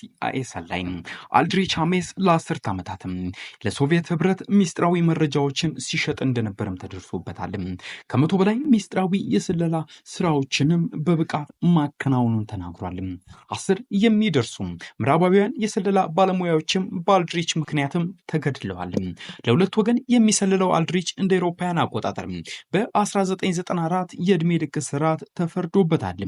ሲአይኤስ ላይ አልድሪች ሐሜስ ለአስርት ዓመታትም ለሶቪየት ህብረት ሚስጥራዊ መረጃዎችን ሲሸጥ እንደነበረም ተደርሶበታል። ከመቶ በላይ ሚስጥራዊ የስለላ ስራዎችንም በብቃት ማከናወኑን ተናግሯል። አስር የሚደርሱ ምዕራባውያን የስለላ ባለሙያዎችም በአልድሪች ምክንያትም ተገድለዋል። ለሁለት ወገን የሚሰልለው አልድሪች እንደ አውሮፓውያን አቆጣጠር በ1994 የዕድሜ ልክ ስርዓት ተፈርዶበታል።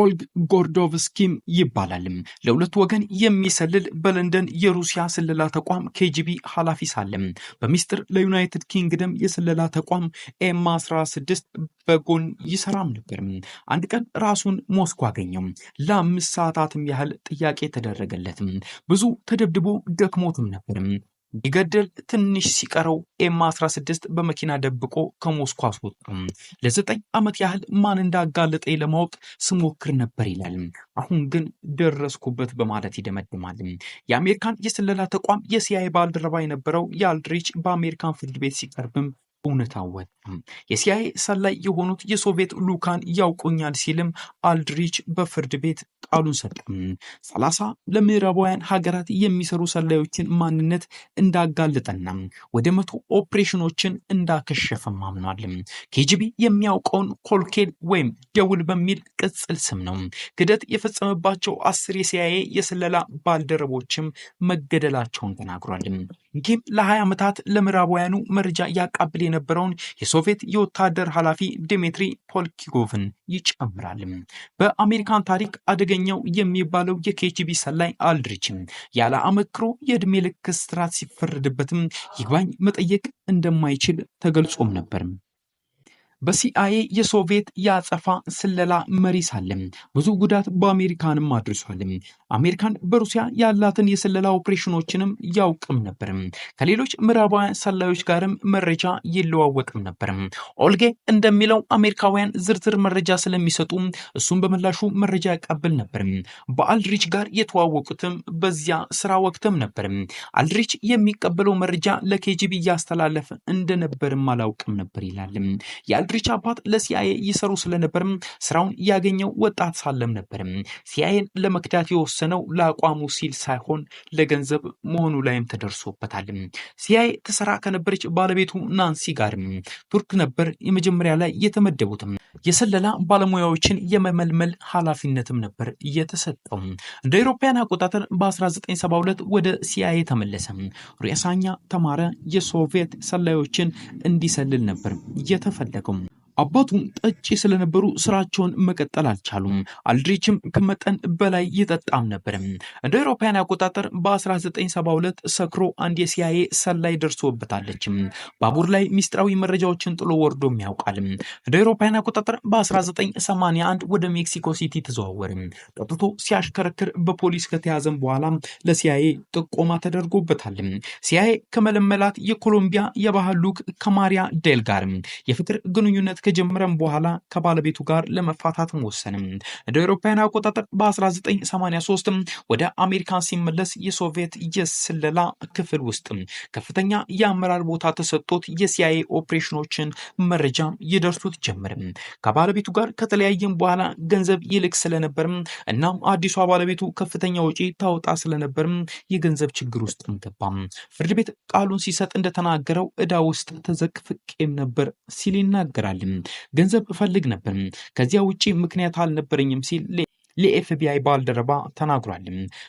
ኦልግ ጎርዶቭስኪም ይባላልም። ለሁለት ወገን የሚሰልል በለንደን የሩሲያ ስለላ ተቋም ኬጂቢ ኃላፊ ሳለም በሚስጥር ለዩናይትድ ኪንግደም የስለላ ተቋም ኤም 16 በጎን ይሰራም ነበር። አንድ ቀን ራሱን ሞስኮ አገኘው። ለአምስት ሰዓታትም ያህል ጥያቄ ተደረገለትም። ብዙ ተደብድቦ ደክሞትም ነበር። ቢገደል ትንሽ ሲቀረው ኤም 16 በመኪና ደብቆ ከሞስኮ አስወጣው። ለዘጠኝ ዓመት ያህል ማን እንዳጋለጠ ለማወቅ ስሞክር ነበር ይላል። አሁን ግን ደረስኩበት በማለት ይደመድማል። የአሜሪካን የስለላ ተቋም የሲአይኤ ባልደረባ የነበረው የአልድሪች በአሜሪካን ፍርድ ቤት ሲቀርብም እውነታው ወጣም። የሲአይኤ ሰላይ የሆኑት የሶቪየት ሉካን ያውቁኛል ሲልም አልድሪች በፍርድ ቤት ቃሉን ሰጠም። ሰላሳ ለምዕራባውያን ሀገራት የሚሰሩ ሰላዮችን ማንነት እንዳጋለጠና ወደ መቶ ኦፕሬሽኖችን እንዳከሸፈም አምኗል። ኬጂቢ የሚያውቀውን ኮልኬል ወይም ደውል በሚል ቅጽል ስም ነው። ክደት የፈጸመባቸው አስር የሲአይኤ የስለላ ባልደረቦችም መገደላቸውን ተናግሯል። ይህም ለ20 ዓመታት ለምዕራባውያኑ መረጃ ያቃብል የነበረውን የሶቪየት የወታደር ኃላፊ ዲሚትሪ ፖልኪጎቭን ይጨምራል። በአሜሪካን ታሪክ አደገኛው የሚባለው የኬጂቢ ሰላይ አልድሪችም ያለ አመክሮ የዕድሜ ልክ እስራት ሲፈረድበትም ይግባኝ መጠየቅ እንደማይችል ተገልጾም ነበር። በሲአይኤ የሶቪየት የአጸፋ ስለላ መሪ ሳለም ብዙ ጉዳት በአሜሪካንም አድርሷልም። አሜሪካን በሩሲያ ያላትን የስለላ ኦፕሬሽኖችንም ያውቅም ነበርም። ከሌሎች ምዕራባውያን ሰላዮች ጋርም መረጃ ይለዋወቅም ነበርም። ኦልጌ እንደሚለው አሜሪካውያን ዝርዝር መረጃ ስለሚሰጡ እሱም በምላሹ መረጃ ያቀብል ነበርም። በአልድሪች ጋር የተዋወቁትም በዚያ ስራ ወቅትም ነበርም። አልድሪች የሚቀበለው መረጃ ለኬጂቢ እያስተላለፈ እንደነበርም አላውቅም ነበር ይላልም። የአድሪች አባት ለሲአይኤ ይሰሩ ስለነበርም ስራውን ያገኘው ወጣት ሳለም ነበርም። ሲአይኤን ለመክዳት የወሰነው ለአቋሙ ሲል ሳይሆን ለገንዘብ መሆኑ ላይም ተደርሶበታል። ሲአይኤ ተሰራ ከነበረች ባለቤቱ ናንሲ ጋርም ቱርክ ነበር የመጀመሪያ ላይ የተመደቡትም። የስለላ ባለሙያዎችን የመመልመል ኃላፊነትም ነበር እየተሰጠው። እንደ አውሮፓውያን አቆጣጠር በ1972 ወደ ሲአይኤ ተመለሰ። ሪያሳኛ ተማረ የሶቪየት ሰላዮችን እንዲሰልል ነበር እየተፈለገው። አባቱም ጠጪ ስለነበሩ ስራቸውን መቀጠል አልቻሉም። አልድሪችም ከመጠን በላይ ይጠጣም ነበርም። እንደ አውሮፓውያን አቆጣጠር በ1972 ሰክሮ አንድ የሲአይኤ ሰላይ ደርሶበታለች። ባቡር ላይ ሚስጥራዊ መረጃዎችን ጥሎ ወርዶም ያውቃል። እንደ አውሮፓውያን አቆጣጠር በ1981 ወደ ሜክሲኮ ሲቲ ተዘዋወረ። ጠጥቶ ሲያሽከረክር በፖሊስ ከተያዘም በኋላ ለሲአይኤ ጥቆማ ተደርጎበታል። ሲአይኤ ከመለመላት የኮሎምቢያ የባህል ሉክ ከማሪያ ዴል ጋር የፍቅር ግንኙነት ከጀመረም በኋላ ከባለቤቱ ጋር ለመፋታት ወሰንም። እንደ አውሮፓውያን አቆጣጠር በ1983 ወደ አሜሪካ ሲመለስ የሶቪየት የስለላ ክፍል ውስጥ ከፍተኛ የአመራር ቦታ ተሰጥቶት የሲአይኤ ኦፕሬሽኖችን መረጃ ይደርሱት ጀመርም። ከባለቤቱ ጋር ከተለያየም በኋላ ገንዘብ ይልክ ስለነበርም እናም አዲሷ ባለቤቱ ከፍተኛ ወጪ ታወጣ ስለነበርም የገንዘብ ችግር ውስጥ ገባም። ፍርድ ቤት ቃሉን ሲሰጥ እንደተናገረው እዳ ውስጥ ተዘቅፍቄም ነበር ሲል ይናገራል። ገንዘብ እፈልግ ነበር፣ ከዚያ ውጪ ምክንያት አልነበረኝም ሲል ለኤፍቢአይ ባልደረባ ተናግሯል።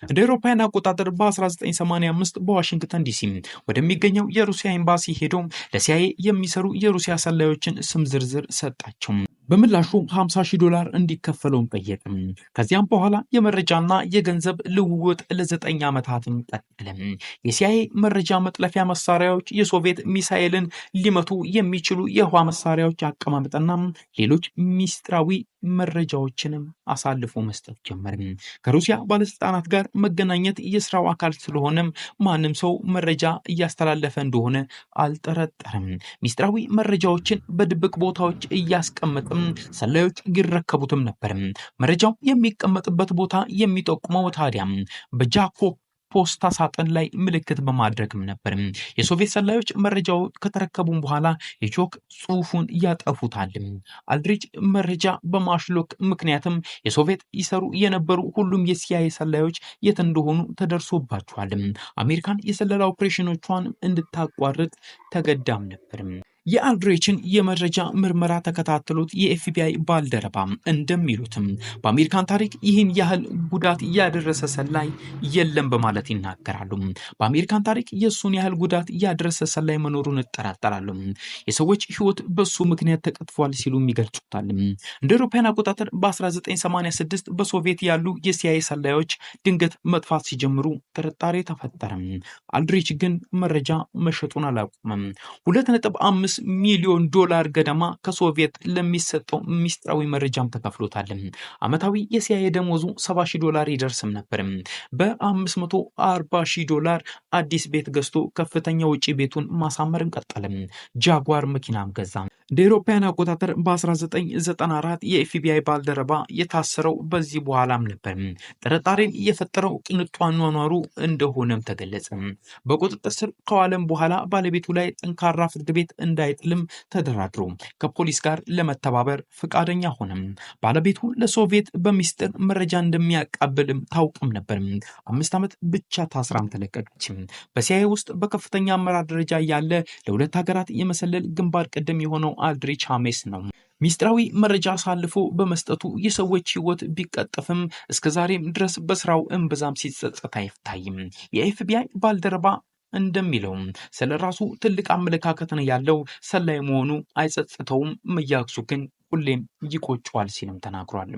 እንደ አውሮፓውያን አቆጣጠር በ1985 በዋሽንግተን ዲሲ ወደሚገኘው የሩሲያ ኤምባሲ ሄዶ ለሲአይኤ የሚሰሩ የሩሲያ ሰላዮችን ስም ዝርዝር ሰጣቸው። በምላሹ 50 ሺህ ዶላር እንዲከፈለውም ጠየቅም። ከዚያም በኋላ የመረጃና የገንዘብ ልውውጥ ለዘጠኝ ዓመታትም ቀጠለም። የሲአይኤ መረጃ መጥለፊያ መሳሪያዎች የሶቪየት ሚሳኤልን ሊመቱ የሚችሉ የህዋ መሳሪያዎች አቀማመጥና ሌሎች ሚስጥራዊ መረጃዎችንም አሳልፎ መስጠት ጀመርም። ከሩሲያ ባለስልጣናት ጋር መገናኘት የስራው አካል ስለሆነም ማንም ሰው መረጃ እያስተላለፈ እንደሆነ አልጠረጠርም። ሚስጥራዊ መረጃዎችን በድብቅ ቦታዎች እያስቀመጠም ሰላዮች ይረከቡትም ነበር። መረጃው የሚቀመጥበት ቦታ የሚጠቁመው ታዲያም በጃኮብ ፖስታ ሳጥን ላይ ምልክት በማድረግም ነበር። የሶቪየት ሰላዮች መረጃው ከተረከቡም በኋላ የቾክ ጽሑፉን ያጠፉታል። አልድሪጅ መረጃ በማሽሎክ ምክንያትም የሶቪየት ይሰሩ የነበሩ ሁሉም የሲያይ ሰላዮች የት እንደሆኑ ተደርሶባቸዋል። አሜሪካን የስለላ ኦፕሬሽኖቿን እንድታቋርጥ ተገዳም ነበርም። የአልድሬችን የመረጃ ምርመራ ተከታተሉት የኤፍቢአይ ባልደረባ እንደሚሉትም በአሜሪካን ታሪክ ይህን ያህል ጉዳት ያደረሰ ሰላይ የለም በማለት ይናገራሉ። በአሜሪካን ታሪክ የእሱን ያህል ጉዳት ያደረሰ ሰላይ መኖሩን እጠራጠራሉ። የሰዎች ህይወት በሱ ምክንያት ተቀጥፏል ሲሉም ይገልጹታል። እንደ አውሮፓውያን አቆጣጠር በ1986 በሶቪየት ያሉ የሲአይኤ ሰላዮች ድንገት መጥፋት ሲጀምሩ ጥርጣሬ ተፈጠረ። አልድሬች ግን መረጃ መሸጡን አላቆመም። 2.5 ሚሊዮን ዶላር ገደማ ከሶቪየት ለሚሰጠው ሚስጥራዊ መረጃም ተከፍሎታል። አመታዊ የሲአይኤ ደሞዙ 70 ሺህ ዶላር ይደርስም ነበር። በ540 ሺህ ዶላር አዲስ ቤት ገዝቶ ከፍተኛ ውጪ ቤቱን ማሳመርን ቀጠለም። ጃጓር መኪናም ገዛም እንደ ኢሮፓውያን አቆጣጠር በ1994 የኤፍቢአይ ባልደረባ የታሰረው በዚህ በኋላም ነበር። ጥርጣሬን እየፈጠረው ቅንጡ አኗኗሩ እንደሆነም ተገለጸ። በቁጥጥር ስር ከዋለም በኋላ ባለቤቱ ላይ ጠንካራ ፍርድ ቤት እንዳይጥልም ተደራድሮ ከፖሊስ ጋር ለመተባበር ፈቃደኛ ሆነም። ባለቤቱ ለሶቪየት በሚስጥር መረጃ እንደሚያቃብልም ታውቅም ነበር። አምስት ዓመት ብቻ ታስራም ተለቀቀች። በሲአይኤ ውስጥ በከፍተኛ አመራር ደረጃ ያለ ለሁለት ሀገራት የመሰለል ግንባር ቀደም የሆነው አልድሪች አሜስ ነው። ሚስጥራዊ መረጃ አሳልፎ በመስጠቱ የሰዎች ህይወት ቢቀጠፍም እስከ ዛሬም ድረስ በስራው እምብዛም ሲጸጸት አይታይም። የኤፍቢአይ ባልደረባ እንደሚለው ስለ ራሱ ትልቅ አመለካከት ነው ያለው። ሰላይ መሆኑ አይጸጽተውም፣ መያክሱ ግን ሁሌም ይቆጨዋል ሲልም ተናግሯል።